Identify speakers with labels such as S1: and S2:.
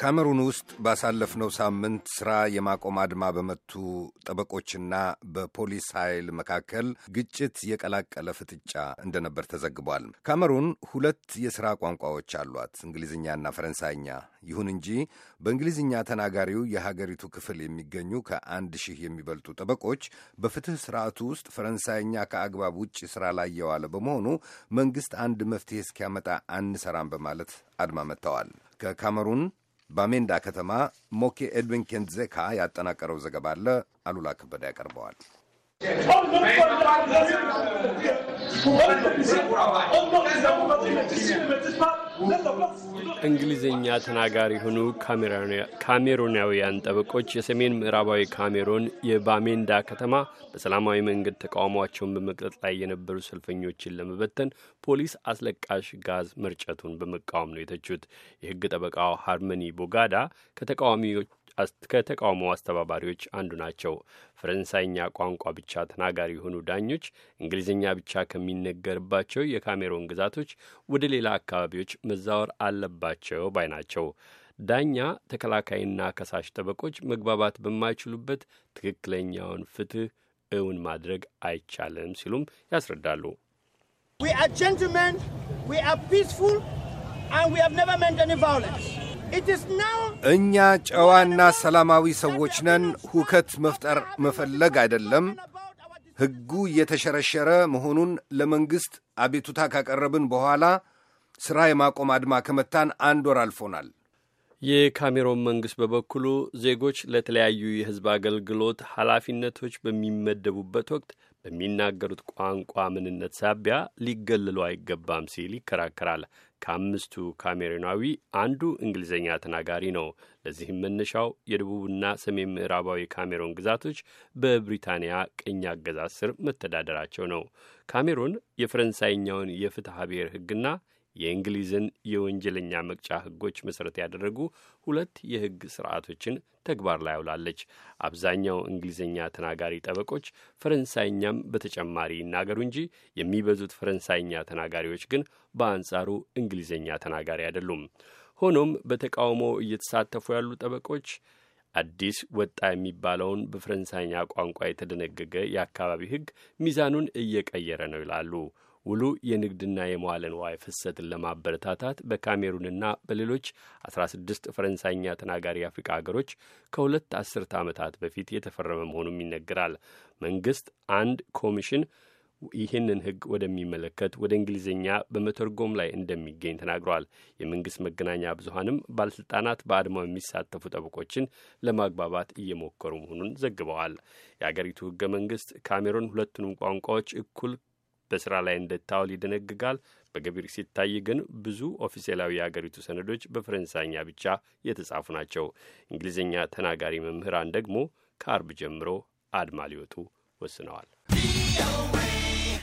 S1: ካሜሩን ውስጥ ባሳለፍነው ሳምንት ሥራ የማቆም አድማ በመቱ ጠበቆችና በፖሊስ ኃይል መካከል ግጭት የቀላቀለ ፍጥጫ እንደነበር ተዘግቧል። ካሜሩን ሁለት የሥራ ቋንቋዎች አሏት፣ እንግሊዝኛና ፈረንሳይኛ። ይሁን እንጂ በእንግሊዝኛ ተናጋሪው የሀገሪቱ ክፍል የሚገኙ ከአንድ ሺህ የሚበልጡ ጠበቆች በፍትሕ ሥርዓቱ ውስጥ ፈረንሳይኛ ከአግባብ ውጭ ሥራ ላይ የዋለ በመሆኑ መንግሥት አንድ መፍትሔ እስኪያመጣ አንሰራም በማለት አድማ መጥተዋል። ከካሜሩን በአሜንዳ ከተማ ሞኬ ኤድዊን ኬንዜካ ያጠናቀረው ዘገባ አለ። አሉላ ከበደ ያቀርበዋል።
S2: እንግሊዝኛ ተናጋሪ የሆኑ ካሜሩናውያን ጠበቆች የሰሜን ምዕራባዊ ካሜሩን የባሜንዳ ከተማ በሰላማዊ መንገድ ተቃውሟቸውን በመቅረጽ ላይ የነበሩ ሰልፈኞችን ለመበተን ፖሊስ አስለቃሽ ጋዝ መርጨቱን በመቃወም ነው የተቹት። የሕግ ጠበቃው ሃርመኒ ቦጋዳ ከተቃዋሚዎች ከተቃውሞ አስተባባሪዎች አንዱ ናቸው። ፈረንሳይኛ ቋንቋ ብቻ ተናጋሪ የሆኑ ዳኞች እንግሊዝኛ ብቻ ከሚነገርባቸው የካሜሮን ግዛቶች ወደ ሌላ አካባቢዎች መዛወር አለባቸው ባይ ናቸው። ዳኛ፣ ተከላካይና ከሳሽ ጠበቆች መግባባት በማይችሉበት ትክክለኛውን ፍትህ እውን ማድረግ አይቻልም ሲሉም ያስረዳሉ። We
S1: are gentlemen, we are peaceful and we have never meant any violence. እኛ ጨዋና ሰላማዊ ሰዎች ነን። ሁከት መፍጠር መፈለግ አይደለም። ሕጉ እየተሸረሸረ መሆኑን ለመንግሥት አቤቱታ ካቀረብን በኋላ ሥራ የማቆም አድማ ከመታን አንድ ወር አልፎናል።
S2: የካሜሮን መንግሥት በበኩሉ ዜጎች ለተለያዩ የሕዝብ አገልግሎት ኃላፊነቶች በሚመደቡበት ወቅት በሚናገሩት ቋንቋ ምንነት ሳቢያ ሊገልሉ አይገባም ሲል ይከራከራል። ከአምስቱ ካሜሩናዊ አንዱ እንግሊዝኛ ተናጋሪ ነው። ለዚህም መነሻው የደቡብና ሰሜን ምዕራባዊ ካሜሮን ግዛቶች በብሪታንያ ቅኝ አገዛዝ ስር መተዳደራቸው ነው። ካሜሮን የፈረንሳይኛውን የፍትሐ ብሔር ሕግና የእንግሊዝን የወንጀለኛ መቅጫ ህጎች መሠረት ያደረጉ ሁለት የህግ ስርዓቶችን ተግባር ላይ አውላለች። አብዛኛው እንግሊዝኛ ተናጋሪ ጠበቆች ፈረንሳይኛም በተጨማሪ ይናገሩ እንጂ የሚበዙት ፈረንሳይኛ ተናጋሪዎች ግን በአንጻሩ እንግሊዝኛ ተናጋሪ አይደሉም። ሆኖም በተቃውሞ እየተሳተፉ ያሉ ጠበቆች አዲስ ወጣ የሚባለውን በፈረንሳይኛ ቋንቋ የተደነገገ የአካባቢ ህግ ሚዛኑን እየቀየረ ነው ይላሉ። ውሉ የንግድና የመዋለ ንዋይ ፍሰትን ለማበረታታት በካሜሩንና በሌሎች 16 ፈረንሳይኛ ተናጋሪ የአፍሪካ ሀገሮች ከሁለት አስርተ ዓመታት በፊት የተፈረመ መሆኑም ይነገራል። መንግስት አንድ ኮሚሽን ይህንን ህግ ወደሚመለከት ወደ እንግሊዝኛ በመተርጎም ላይ እንደሚገኝ ተናግረዋል። የመንግስት መገናኛ ብዙሀንም ባለስልጣናት በአድማው የሚሳተፉ ጠበቆችን ለማግባባት እየሞከሩ መሆኑን ዘግበዋል። የአገሪቱ ህገ መንግስት ካሜሩን ሁለቱንም ቋንቋዎች እኩል በስራ ላይ እንድታውል ይደነግጋል። በገቢር ሲታይ ግን ብዙ ኦፊሴላዊ የአገሪቱ ሰነዶች በፈረንሳይኛ ብቻ የተጻፉ ናቸው። እንግሊዝኛ ተናጋሪ መምህራን ደግሞ ከአርብ ጀምሮ አድማ ሊወጡ ወስነዋል።